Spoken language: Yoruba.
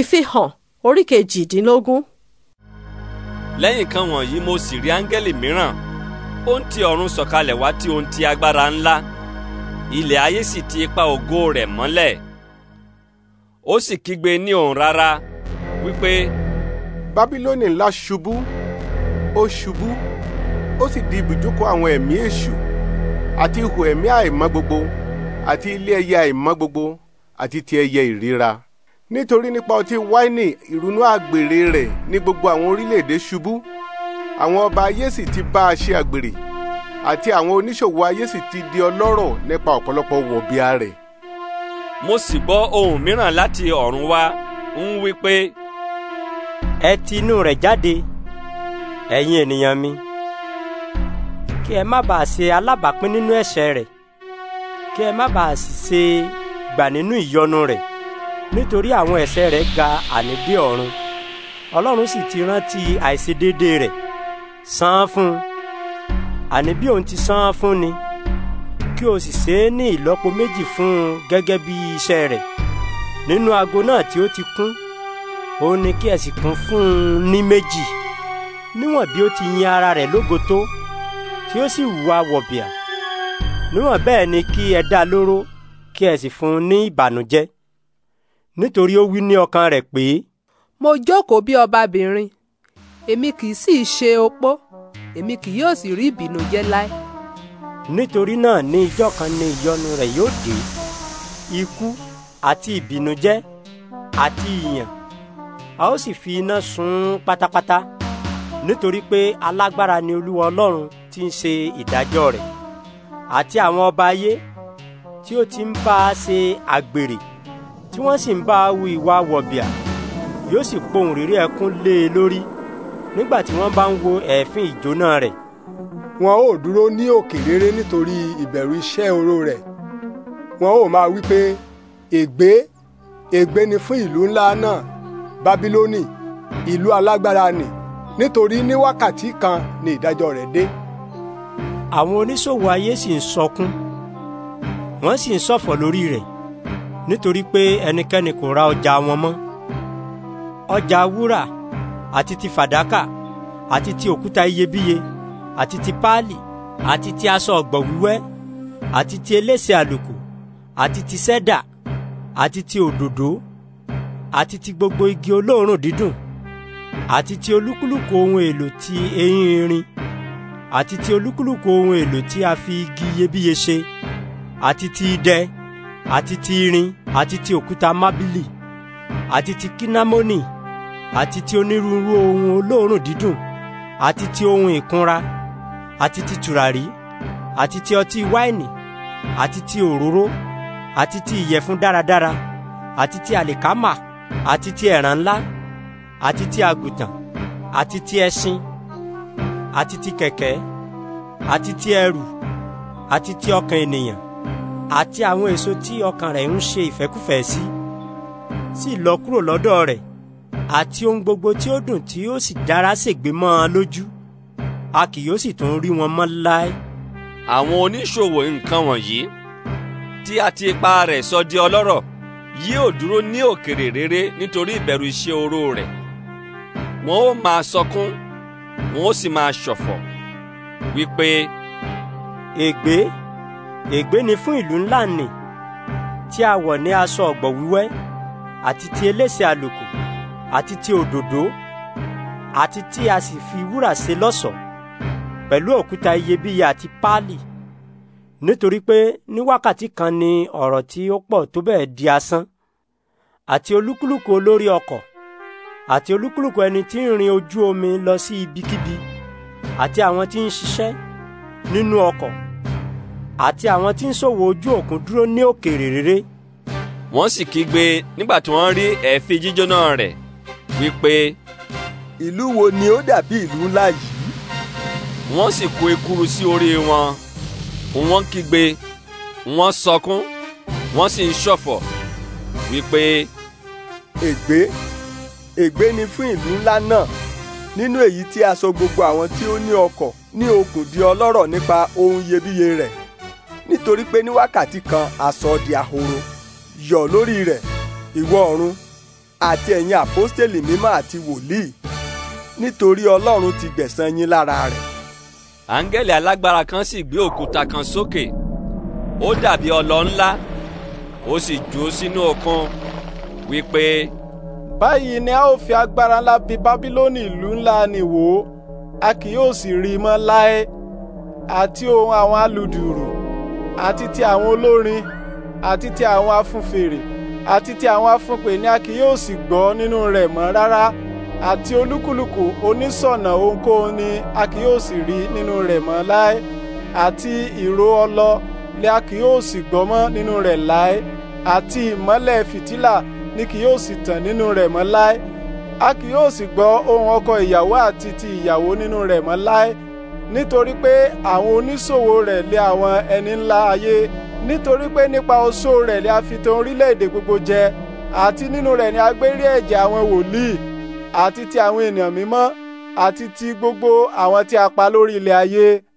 ìfihàn orí kejìdínlógún. lẹ́yìn kan wọ̀nyí mo sì rí áńgẹ́lì mìíràn ó ń ti ọ̀run sọ̀kalẹ̀ wá tí ohun ti agbára ńlá ilẹ̀ ayé sì ti ipa ògo rẹ̀ mọ́lẹ̀ ó sì kígbe ní òun rárá wípé. bábílónì ńlá ṣubú ó ṣubú ó sì di ibùjókòó àwọn ẹ̀mí èṣù àti ihò ẹ̀mí àìmọ́ gbogbo àti ilé ẹyẹ àìmọ́ gbogbo àti ti ẹyẹ ìríra nítorí nípa ọtí wáìnì ìrunú àgbèrè rẹ̀ ní gbogbo àwọn orílẹ̀-èdè ṣubú àwọn ọba ayé sì ti bá a ṣe àgbèrè àti àwọn oníṣòwò ayé sì ti di ọlọ́rọ̀ nípa ọ̀pọ̀lọpọ̀ wọ̀bìà rẹ̀. mo sì gbọ́ ohun mìíràn láti ọ̀run wá ń wí pé. ẹ ti inú rẹ̀ jáde ẹ̀yin ènìyàn mi kí ẹ má bàa ṣe alábàápín nínú ẹ̀ṣẹ̀ rẹ̀ kí ẹ má bàa ṣe gbà nínú ìyọnu rẹ̀ nítorí àwọn ẹ̀ṣẹ̀ rẹ̀ ga àní dé ọ̀run ọlọ́run sì ti rántí àìṣedédé rẹ̀ san án fún un àní bí òun ti san án fún ni kí o sì ṣe é ní ìlọ́po méjì fún un gẹ́gẹ́ bí iṣẹ́ rẹ̀ nínú ago náà tí ó ti kún òun ni kí ẹ sì kún fún un ní méjì níwọ̀n bí ó ti yin ara rẹ̀ lógo tó tí ó sì wúwa wọ̀bìà níwọ̀n bẹ́ẹ̀ ni kí ẹ dá lóró kí ẹ fún un ní ìbànújẹ́ nítorí ó wí ní ọkàn rẹ̀ pé. mo jókòó bí ọbabìnrin èmi kì í sì ṣe opó èmi kì yóò sì rí ìbínú jẹ láé. nítorí náà ní ijọ́ kan ní ìyọnu rẹ̀ yóò dé ikú àti ìbínújẹ́ àti ìyàn a ó sì fi iná sun pátápátá nítorí pé alágbára ni olúwa ọlọ́run ti ń ṣe ìdájọ́ rẹ̀ àti àwọn ọba ayé tí ó ti ń bá a ṣe àgbèrè tí wọ́n sì ń bá a wu ìwà wọ̀bìà yóò sì pohùn réré ẹkún lé e lórí nígbà tí wọ́n bá ń wo ẹ̀fín ìjóná rẹ̀. wọn ò dúró ní òkè réré nítorí ìbẹ̀rù iṣẹ́ oró rẹ̀ wọn ò máa wí pé ègbé ègbé ni fún ìlú ńlá náà bábílónì ìlú alágbára nì nítorí ní wákàtí kan ni ìdájọ́ rẹ̀ dé. àwọn oníṣòwò ayé sì ń sọkún wọ́n sì ń ṣọ̀fọ̀ lórí rẹ̀ nítorí pé ẹnikẹ́ni kò ra ọjà wọn mọ́ ọjà wúrà àti ti fàdákà àti ti òkúta iyebíye àti ti páálì àti ti aṣọ ọ̀gbọ̀ wíwẹ́ àti ti elése àlùkò àti ti sẹ́dà àti ti òdòdó àti ti gbogbo igi olóòórùn dídùn àti ti olúkúlùkù ohun èlò ti eyín irin àti ti olúkúlùkù ohun èlò tí a fi igi iyebíye ṣe àti ti idẹ àti ti irin àti ti òkúta mábìlì àti ti kinamoni àti ti onírúurú ohun olóòórùn dídùn àti ti ohun ìkunra àti ti tùràrí àti ti ọtí wáìnì àti ti òróró àti ti ìyẹ̀fun dáradára àti ti àlìkámà àti ti ẹ̀ràn ńlá àti ti àgùntàn àti ti ẹṣin àti ti kẹ̀kẹ́ àti ti ẹrù àti ti ọkàn ènìyàn àti àwọn èso tí ọkàn rẹ̀ ń ṣe ìfẹ́kúfẹ̀ẹ́ sí sì lọ kúrò lọ́dọ̀ rẹ̀ àti ohun gbogbo tí ó dùn tí ó sì dára ṣègbé mọ́ ọ lójú a kì yóò sì tún rí wọn mọ́ láé. àwọn oníṣòwò nǹkan wọ̀nyí tí a ti ipa rẹ̀ sọ di ọlọ́rọ̀ yóò dúró ní òkèrè rere nítorí ìbẹ̀rù iṣẹ́ oró rẹ̀ wọn ó máa sọkún wọn ó sì máa ṣọ̀fọ̀ wípé. ègbé. E ègbé ni fún ìlú ńlá nì tí a wọ̀ ní aṣọ ọ̀gbọ̀ wíwẹ́ àti ti elése àlùkò àti ti òdòdó àti tí a sì fi wúrà ṣe lọ́ṣọ̀ọ́ pẹ̀lú òkúta iyebíye àti páálì nítorí pé ní wákàtí kan ni ọ̀rọ̀ tí ó pọ̀ tó bẹ́ẹ̀ di asán àti olúkúlùkù olórí ọkọ̀ àti olúkúlùkù ẹni tí ń rin ojú omi lọ sí ibikíbi àti àwọn tí ń ṣiṣẹ́ nínú ọkọ̀ àti àwọn tí ń ṣòwò ojú òkun dúró ní òkèèrè rere. wọ́n sì kígbe nígbà tí wọ́n rí ẹ̀fín jíjóná rẹ̀ wípé. ìlú wo ni ó dàbí ìlú ńlá yìí. wọ́n sì kó ekuru sí orí wọn wọ́n kígbe wọ́n sọkún wọ́n sì ń ṣọ̀fọ̀ wípé. ègbé ègbé ni fún ìlú ńlá náà nínú èyí tí a sọ gbogbo àwọn tí ó ní ọkọ̀ ní okùn di ọlọ́rọ̀ nípa ohun iyebíye rẹ̀ nítorí pé ní wákàtí kan aṣọ di ahoro yọ̀ lórí rẹ̀ ìwọ ọ̀run àti ẹ̀yin àpọ́stélì mímọ́ àti wòlíì nítorí ọlọ́run ti gbẹ̀san yín lára rẹ̀. áńgẹ́lì alágbára kan sì gbé òkúta kan sókè ó dàbí ọlọ ńlá ó sì jù ú sínú òkun wípé. báyìí ni a ó fi agbára ńlá bì bábílónì ìlú ńlá ni wò ó a kì yóò sì rí i mọ́ láé àti ohun àwọn alùdùrù àti ti àwọn olórin àti ti àwọn afúnfèrè àti ti àwọn afúnpè ni a kì yóò sì gbọ́ nínú rẹ̀ mọ́ rárá àti olúkúlùkù onísọ̀nà ohunkóhun ni a kì yóò sì rí nínú rẹ̀ mọ́ láé àti ìró ọlọ ni a kì yóò sì gbọ́ mọ́ nínú rẹ̀ láé àti ìmọ́lẹ̀ fìtílà ni kì yóò sì tàn nínú rẹ̀ mọ́ láé a kì yóò sì gbọ́ ohùn ọkọ ìyàwó àti ti ìyàwó nínú rẹ̀ mọ́ láé nítorí pé àwọn oníṣòwò rẹ̀ lé àwọn ẹni ńlá ayé nítorí pé nípa oṣó rẹ̀ lé a fi tàn orílẹ̀-èdè gbogbo jẹ àti nínú rẹ̀ ni a gbé rí ẹ̀jẹ̀ àwọn wòlíì àti ti àwọn ènìyàn mímọ́ àti ti gbogbo àwọn tí a pa lórí ilẹ̀ ayé.